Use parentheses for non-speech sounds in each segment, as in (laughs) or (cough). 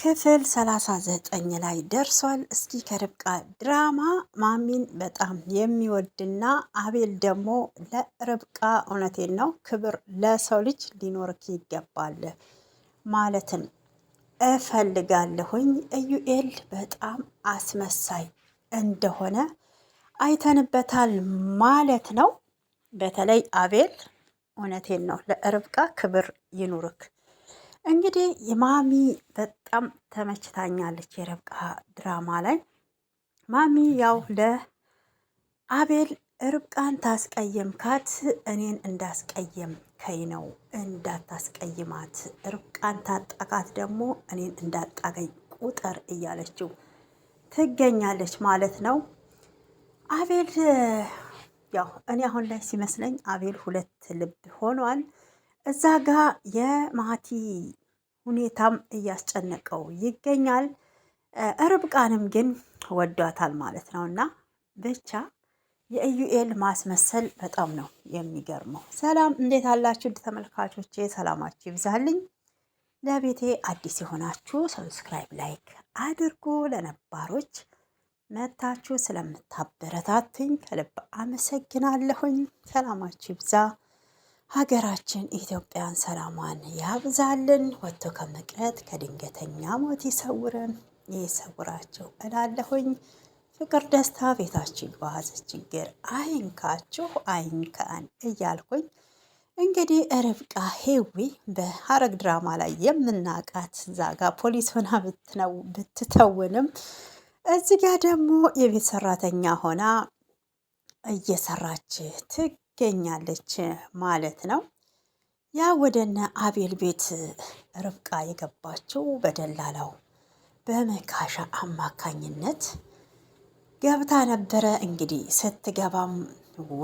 ክፍል 39 ላይ ደርሷል። እስኪ ከርብቃ ድራማ ማሚን በጣም የሚወድና አቤል ደግሞ ለርብቃ እውነቴን ነው ክብር ለሰው ልጅ ሊኖርክ ይገባል ማለትን እፈልጋለሁኝ። እዩኤል በጣም አስመሳይ እንደሆነ አይተንበታል ማለት ነው። በተለይ አቤል እውነቴን ነው ለርብቃ ክብር ይኑርክ እንግዲህ የማሚ በጣም ተመችታኛለች የረብቃ ድራማ ላይ ማሚ ያው ለአቤል ርብቃን ታስቀየምካት እኔን እንዳስቀየም ከይ ነው እንዳታስቀይማት ርብቃን ታጣቃት ደግሞ እኔን እንዳጣቀኝ ቁጠር እያለችው ትገኛለች ማለት ነው። አቤል ያው እኔ አሁን ላይ ሲመስለኝ አቤል ሁለት ልብ ሆኗል። እዛ ጋ የማቲ ሁኔታም እያስጨነቀው ይገኛል። ርብቃንም ግን ወዷታል ማለት ነው። እና ብቻ የኢዩኤል ማስመሰል በጣም ነው የሚገርመው። ሰላም እንዴት አላችሁ? ተመልካቾቼ ሰላማችሁ ይብዛልኝ። ለቤቴ አዲስ የሆናችሁ ሰብስክራይብ፣ ላይክ አድርጉ። ለነባሮች መታችሁ ስለምታበረታትኝ ከልብ አመሰግናለሁኝ። ሰላማችሁ ይብዛ። ሀገራችን ኢትዮጵያን ሰላሟን ያብዛልን፣ ወጥቶ ከመቅረት ከድንገተኛ ሞት ይሰውረን፣ ይሰውራችሁ እላለሁኝ። ፍቅር ደስታ ቤታችን በዋዘ ችግር አይንካችሁ አይንካን እያልኩኝ እንግዲህ ርብቃ ሄዊ በሀረግ ድራማ ላይ የምናቃት ዛጋ ፖሊስ ሆና ብትተውንም እዚጋ ደግሞ የቤት ሰራተኛ ሆና እየሰራች ትግ ትገኛለች ማለት ነው። ያ ወደነ አቤል ቤት ርብቃ የገባችው በደላላው በመካሻ አማካኝነት ገብታ ነበረ። እንግዲህ ስትገባም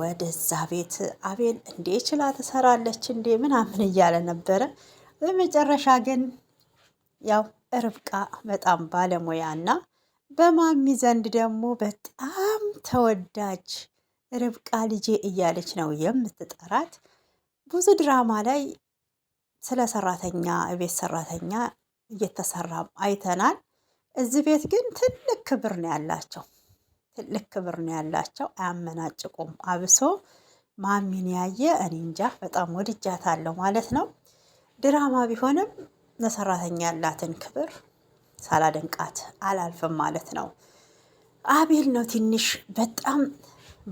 ወደዛ ቤት አቤል እንዴ ችላ ትሰራለች እንዴ ምናምን እያለ ነበረ። በመጨረሻ ግን ያው ርብቃ በጣም ባለሙያና በማሚ ዘንድ ደግሞ በጣም ተወዳጅ ርብቃ ልጄ እያለች ነው የምትጠራት። ብዙ ድራማ ላይ ስለ ሰራተኛ ቤት ሰራተኛ እየተሰራም አይተናል። እዚህ ቤት ግን ትልቅ ክብር ነው ያላቸው፣ ትልቅ ክብር ነው ያላቸው። አያመናጭቁም። አብሶ ማሚን ያየ እኔ እንጃ በጣም ወድጃታለሁ ማለት ነው። ድራማ ቢሆንም ለሰራተኛ ያላትን ክብር ሳላደንቃት አላልፍም ማለት ነው። አቤል ነው ትንሽ በጣም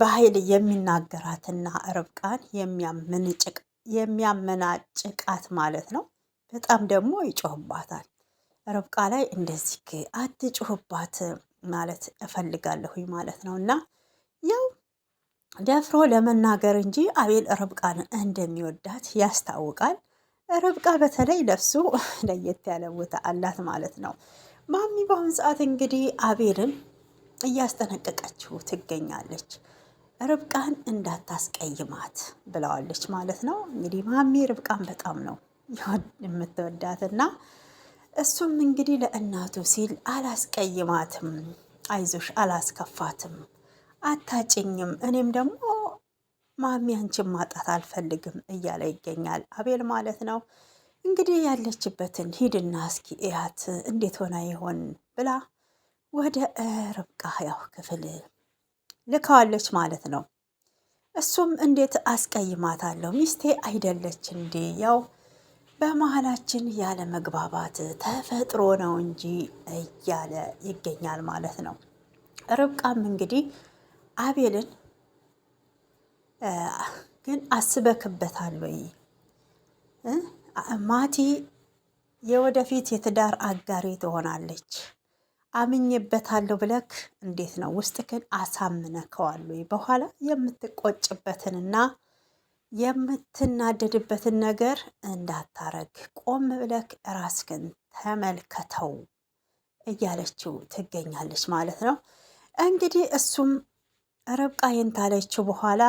በኃይል የሚናገራትና ርብቃን የሚያመናጭቃት ማለት ነው። በጣም ደግሞ ይጮህባታል። ርብቃ ላይ እንደዚህ አትጮህባት ማለት እፈልጋለሁኝ ማለት ነው። እና ያው ደፍሮ ለመናገር እንጂ አቤል ርብቃን እንደሚወዳት ያስታውቃል። ርብቃ በተለይ ለሱ ለየት ያለ ቦታ አላት ማለት ነው። ማሚ በአሁን ሰዓት እንግዲህ አቤልን እያስጠነቀቀችው ትገኛለች። ርብቃን እንዳታስቀይማት ብለዋለች ማለት ነው። እንግዲህ ማሚ ርብቃን በጣም ነው የምትወዳትና እሱም እንግዲህ ለእናቱ ሲል አላስቀይማትም፣ አይዞሽ፣ አላስከፋትም፣ አታጭኝም፣ እኔም ደግሞ ማሚ አንቺን ማጣት አልፈልግም እያለ ይገኛል አቤል ማለት ነው። እንግዲህ ያለችበትን ሂድና እስኪ እያት እንዴት ሆና ይሆን ብላ ወደ ርብቃ ያው ክፍል ልካዋለች ማለት ነው። እሱም እንዴት አስቀይማታለሁ ሚስቴ አይደለች እንዴ? ያው በመሀላችን ያለ መግባባት ተፈጥሮ ነው እንጂ እያለ ይገኛል ማለት ነው። ርብቃም እንግዲህ አቤልን ግን አስበክበታል ወይ ማቲ የወደፊት የትዳር አጋሪ ትሆናለች አምኜበታለሁ ብለክ እንዴት ነው ውስጥክን አሳምነከዋል ወይ? በኋላ የምትቆጭበትንና የምትናደድበትን ነገር እንዳታረግ ቆም ብለክ ራስክን ተመልከተው እያለችው ትገኛለች ማለት ነው። እንግዲህ እሱም ርብቃ የንታለችው በኋላ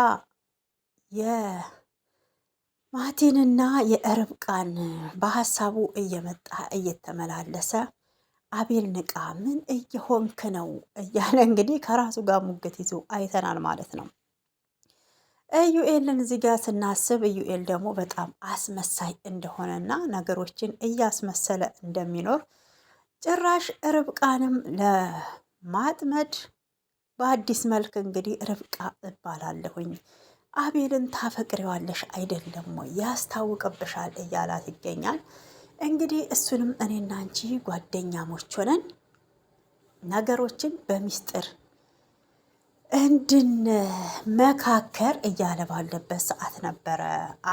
የማቲንና የርብቃን በሀሳቡ እየመጣ እየተመላለሰ አቤል ንቃ፣ ምን እየሆንክ ነው እያለ እንግዲህ ከራሱ ጋር ሙግት ይዞ አይተናል ማለት ነው። ኢዩኤልን እዚህ ጋር ስናስብ ኢዩኤል ደግሞ በጣም አስመሳይ እንደሆነና ነገሮችን እያስመሰለ እንደሚኖር ጭራሽ ርብቃንም ለማጥመድ በአዲስ መልክ እንግዲህ ርብቃ እባላለሁኝ አቤልን ታፈቅሪዋለሽ አይደለም ወይ ያስታውቅብሻል እያላት ይገኛል። እንግዲህ እሱንም እኔና አንቺ ጓደኛሞች ሆነን ነገሮችን በሚስጥር እንድንመካከር እያለ ባለበት ሰዓት ነበረ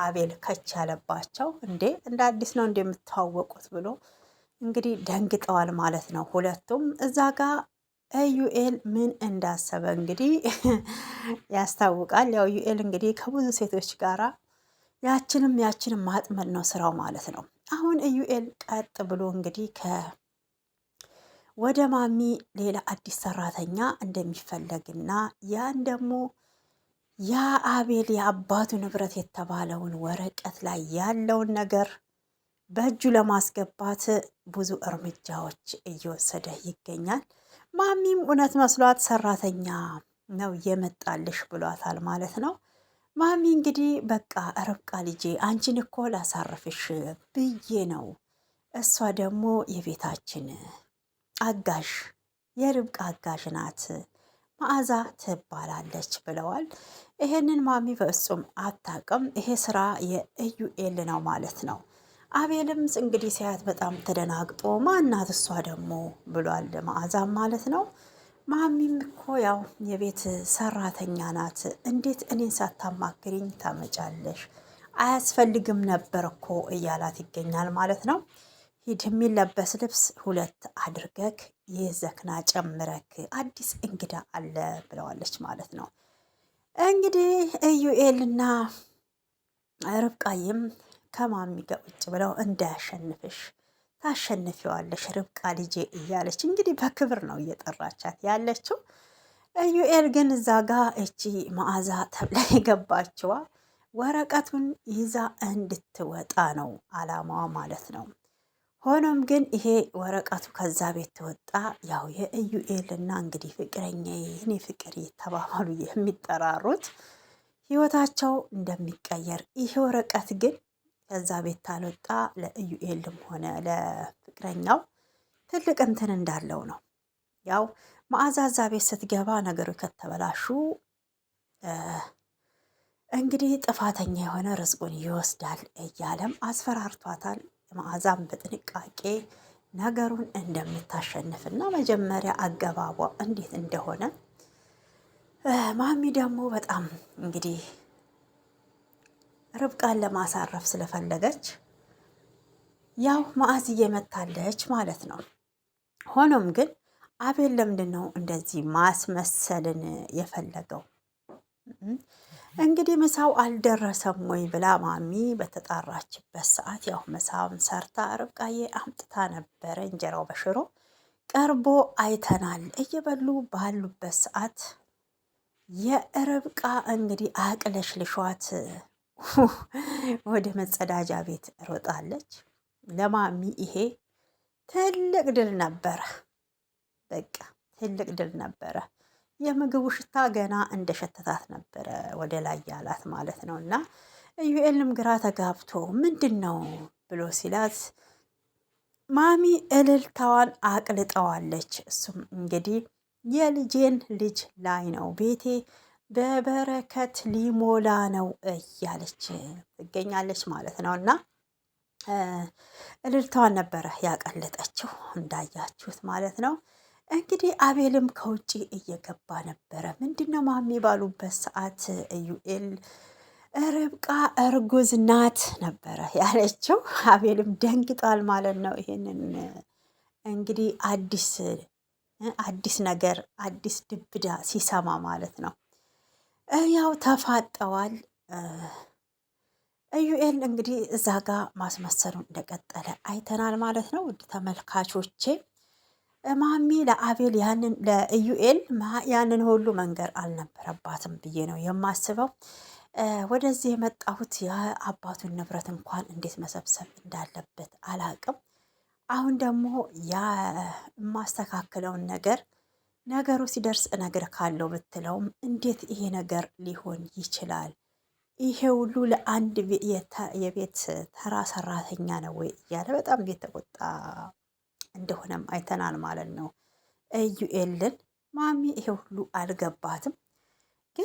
አቤል ከች ያለባቸው። እንዴ እንደ አዲስ ነው እንደምታወቁት ብሎ እንግዲህ ደንግጠዋል ማለት ነው ሁለቱም እዛ ጋር ዩኤል ምን እንዳሰበ እንግዲህ (laughs) ያስታውቃል። ያው ዩኤል እንግዲህ ከብዙ ሴቶች ጋራ ያችንም ያችንም ማጥመድ ነው ስራው ማለት ነው። አሁን ኢዩኤል ቀጥ ብሎ እንግዲህ ከ ወደ ማሚ ሌላ አዲስ ሰራተኛ እንደሚፈለግና ያን ደግሞ ያ አቤል የአባቱ ንብረት የተባለውን ወረቀት ላይ ያለውን ነገር በእጁ ለማስገባት ብዙ እርምጃዎች እየወሰደ ይገኛል። ማሚም እውነት መስሏት ሰራተኛ ነው የመጣልሽ ብሏታል ማለት ነው። ማሚ እንግዲህ በቃ ርብቃ ልጄ አንቺን እኮ ላሳርፍሽ ብዬ ነው። እሷ ደግሞ የቤታችን አጋዥ የርብቃ አጋዥ ናት፣ መዓዛ ትባላለች ብለዋል። ይሄንን ማሚ በፍጹም አታውቅም። ይሄ ስራ የኢዩኤል ነው ማለት ነው። አቤልም እንግዲህ ሲያት በጣም ተደናግጦ ማናት እሷ ደግሞ ብሏል። መዓዛም ማለት ነው ማሚም እኮ ያው የቤት ሰራተኛ ናት። እንዴት እኔን ሳታማክሪኝ ታመጫለሽ? አያስፈልግም ነበር እኮ እያላት ይገኛል ማለት ነው። ሂድ የሚለበስ ልብስ ሁለት አድርገክ የዘክና ጨምረክ አዲስ እንግዳ አለ ብለዋለች ማለት ነው። እንግዲህ ኢዩኤልና ርብቃይም ከማሚ ጋር ቁጭ ብለው እንዳያሸንፍሽ ታሸንፊዋለሽ ርብቃ ልጄ እያለች እንግዲህ በክብር ነው እየጠራቻት ያለችው። ዩኤል ግን እዛ ጋ እቺ መዓዛ ተብላ (laughs) የገባችዋ ወረቀቱን ይዛ እንድትወጣ ነው አላማዋ ማለት ነው። ሆኖም ግን ይሄ ወረቀቱ ከዛ ቤት ትወጣ ያው እና እንግዲህ ፍቅረኛ ይህኔ ፍቅር እየተባባሉ የሚጠራሩት ህይወታቸው እንደሚቀየር ይሄ ወረቀት ግን ከዛ ቤት ታልወጣ ለኢዩኤልም ሆነ ለፍቅረኛው ትልቅ እንትን እንዳለው ነው። ያው መዓዛ ቤት ስትገባ ነገሮች ከተበላሹ እንግዲህ ጥፋተኛ የሆነ ርዝቁን ይወስዳል እያለም አስፈራርቷታል። መዓዛም በጥንቃቄ ነገሩን እንደምታሸንፍ እንደምታሸንፍና መጀመሪያ አገባቧ እንዴት እንደሆነ ማሚ ደግሞ በጣም እንግዲህ ርብቃን ለማሳረፍ ስለፈለገች ያው ማዕዝዬ መታለች ማለት ነው። ሆኖም ግን አቤል ለምንድን ነው እንደዚህ ማስመሰልን የፈለገው? እንግዲህ ምሳው አልደረሰም ወይ ብላ ማሚ በተጣራችበት ሰዓት ያው ምሳውን ሰርታ ርብቃዬ አምጥታ ነበረ። እንጀራው በሽሮ ቀርቦ አይተናል። እየበሉ ባሉበት ሰዓት የርብቃ እንግዲህ አቅለሽ ልሿት (laughs) ወደ መጸዳጃ ቤት ሮጣለች። ለማሚ ይሄ ትልቅ ድል ነበረ። በቃ ትልቅ ድል ነበረ። የምግቡ ሽታ ገና እንደ ሸተታት ነበረ ወደ ላይ ያላት ማለት ነው። እና ዩኤልም ግራ ተጋብቶ ምንድን ነው ብሎ ሲላት ማሚ እልልታዋን አቅልጠዋለች። እሱም እንግዲህ የልጄን ልጅ ላይ ነው ቤቴ በበረከት ሊሞላ ነው እያለች ትገኛለች ማለት ነው። እና እልልታዋን ነበረ ያቀለጠችው እንዳያችሁት ማለት ነው። እንግዲህ አቤልም ከውጭ እየገባ ነበረ። ምንድነው ማሚ ባሉበት ሰዓት ኢዩኤል ርብቃ እርጉዝ ናት ነበረ ያለችው። አቤልም ደንግጧል ማለት ነው። ይሄንን እንግዲህ አዲስ አዲስ ነገር አዲስ ድብዳ ሲሰማ ማለት ነው። ያው ተፋጠዋል። እዩኤል እንግዲህ እዛ ጋ ማስመሰሉን እንደቀጠለ አይተናል ማለት ነው። ውድ ተመልካቾቼ ማሚ ለአቤል ያንን ለኢዩኤል ያንን ሁሉ መንገር አልነበረባትም ብዬ ነው የማስበው። ወደዚህ የመጣሁት የአባቱን ንብረት እንኳን እንዴት መሰብሰብ እንዳለበት አላቅም። አሁን ደግሞ የማስተካክለውን ነገር ነገሩ ሲደርስ እነግርካለሁ ብትለውም እንዴት ይሄ ነገር ሊሆን ይችላል? ይሄ ሁሉ ለአንድ የቤት ተራ ሰራተኛ ነው ወይ እያለ በጣም እየተቆጣ እንደሆነም አይተናል ማለት ነው። እዩኤልን ማሚ ይሄ ሁሉ አልገባትም